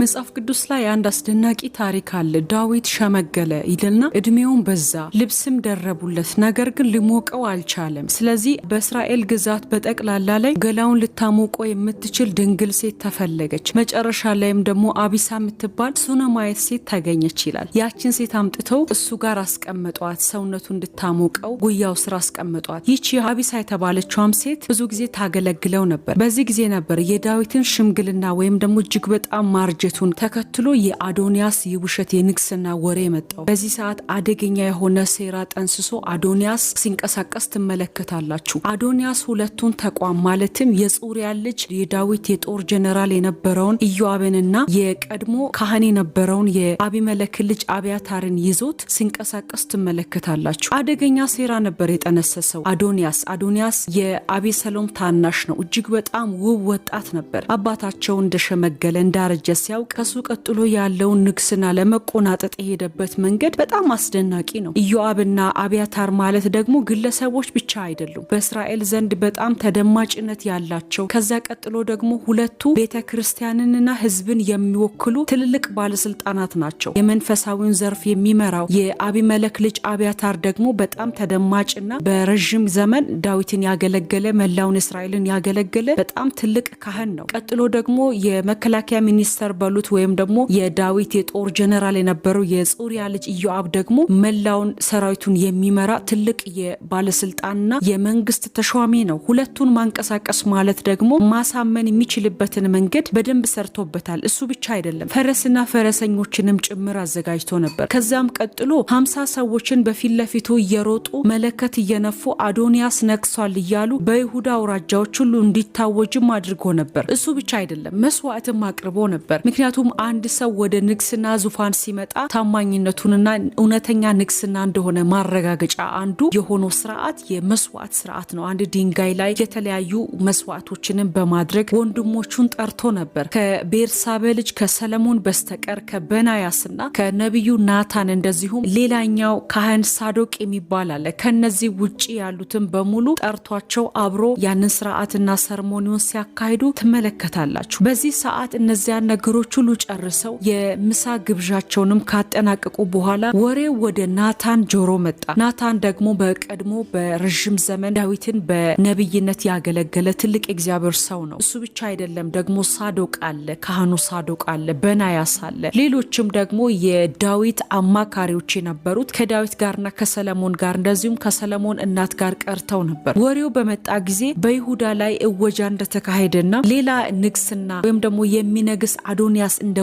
መጽሐፍ ቅዱስ ላይ አንድ አስደናቂ ታሪክ አለ። ዳዊት ሸመገለ ይልና እድሜውን በዛ፣ ልብስም ደረቡለት፣ ነገር ግን ልሞቀው አልቻለም። ስለዚህ በእስራኤል ግዛት በጠቅላላ ላይ ገላውን ልታሞቀው የምትችል ድንግል ሴት ተፈለገች። መጨረሻ ላይም ደግሞ አቢሳ የምትባል ሱነማየት ሴት ተገኘች ይላል። ያችን ሴት አምጥተው እሱ ጋር አስቀምጧት፣ ሰውነቱ እንድታሞቀው ጉያው ስር አስቀምጧት። ይቺ አቢሳ የተባለችዋም ሴት ብዙ ጊዜ ታገለግለው ነበር። በዚህ ጊዜ ነበር የዳዊትን ሽምግልና ወይም ደግሞ እጅግ በጣም ማርጀ ውሸቱን ተከትሎ የአዶንያስ የውሸት የንግስና ወሬ መጣው። በዚህ ሰዓት አደገኛ የሆነ ሴራ ጠንስሶ አዶንያስ ሲንቀሳቀስ ትመለከታላችሁ። አዶንያስ ሁለቱን ተቋም ማለትም የጽሩያ ልጅ የዳዊት የጦር ጀነራል የነበረውን ኢዮአብንና የቀድሞ ካህን የነበረውን የአቢመለክ ልጅ አብያታርን ይዞት ሲንቀሳቀስ ትመለከታላችሁ። አደገኛ ሴራ ነበር የጠነሰሰው አዶንያስ። አዶንያስ የአቤሰሎም ታናሽ ነው። እጅግ በጣም ውብ ወጣት ነበር። አባታቸው እንደሸመገለ እንዳረጀ ሲያ ያለው ከሱ ቀጥሎ ያለውን ንግስና ለመቆናጠጥ የሄደበት መንገድ በጣም አስደናቂ ነው። ኢዮአብና አብያታር ማለት ደግሞ ግለሰቦች ብቻ አይደሉም። በእስራኤል ዘንድ በጣም ተደማጭነት ያላቸው ከዛ ቀጥሎ ደግሞ ሁለቱ ቤተ ክርስቲያንንና ህዝብን የሚወክሉ ትልልቅ ባለስልጣናት ናቸው። የመንፈሳዊውን ዘርፍ የሚመራው የአቢመለክ ልጅ አብያታር ደግሞ በጣም ተደማጭና በረዥም ዘመን ዳዊትን ያገለገለ መላውን እስራኤልን ያገለገለ በጣም ትልቅ ካህን ነው። ቀጥሎ ደግሞ የመከላከያ ሚኒስተር የተቀበሉት ወይም ደግሞ የዳዊት የጦር ጀነራል የነበረው የጽሩያ ልጅ ኢዮአብ ደግሞ መላውን ሰራዊቱን የሚመራ ትልቅ የባለስልጣንና የመንግስት ተሿሚ ነው። ሁለቱን ማንቀሳቀስ ማለት ደግሞ ማሳመን የሚችልበትን መንገድ በደንብ ሰርቶበታል። እሱ ብቻ አይደለም ፈረስና ፈረሰኞችንም ጭምር አዘጋጅቶ ነበር። ከዚያም ቀጥሎ ሀምሳ ሰዎችን በፊት ለፊቱ እየሮጡ መለከት እየነፉ አዶንያስ ነግሷል እያሉ በይሁዳ አውራጃዎች ሁሉ እንዲታወጅም አድርጎ ነበር። እሱ ብቻ አይደለም መስዋዕትም አቅርቦ ነበር። ምክንያቱም አንድ ሰው ወደ ንግስና ዙፋን ሲመጣ ታማኝነቱንና እውነተኛ ንግስና እንደሆነ ማረጋገጫ አንዱ የሆነው ስርዓት የመስዋዕት ስርዓት ነው። አንድ ድንጋይ ላይ የተለያዩ መስዋዕቶችንም በማድረግ ወንድሞቹን ጠርቶ ነበር። ከቤርሳቤ ልጅ ከሰለሞን በስተቀር ከበናያስና ከነቢዩ ናታን እንደዚሁም ሌላኛው ካህን ሳዶቅ የሚባል አለ። ከነዚህ ውጭ ያሉትን በሙሉ ጠርቷቸው አብሮ ያንን ስርዓትና ሰርሞኒውን ሲያካሂዱ ትመለከታላችሁ። በዚህ ሰዓት እነዚያን ነገሮች ነገሮች ሁሉ ጨርሰው የምሳ ግብዣቸውንም ካጠናቀቁ በኋላ ወሬው ወደ ናታን ጆሮ መጣ። ናታን ደግሞ በቀድሞ በረዥም ዘመን ዳዊትን በነብይነት ያገለገለ ትልቅ እግዚአብሔር ሰው ነው። እሱ ብቻ አይደለም፣ ደግሞ ሳዶቅ አለ፣ ካህኑ ሳዶቅ አለ፣ በናያስ አለ፣ ሌሎችም ደግሞ የዳዊት አማካሪዎች የነበሩት ከዳዊት ጋርና ከሰለሞን ጋር እንደዚሁም ከሰለሞን እናት ጋር ቀርተው ነበር። ወሬው በመጣ ጊዜ በይሁዳ ላይ እወጃ እንደተካሄደና ሌላ ንግስና ወይም ደግሞ የሚነግስ አዶ አዶንያስ እንደ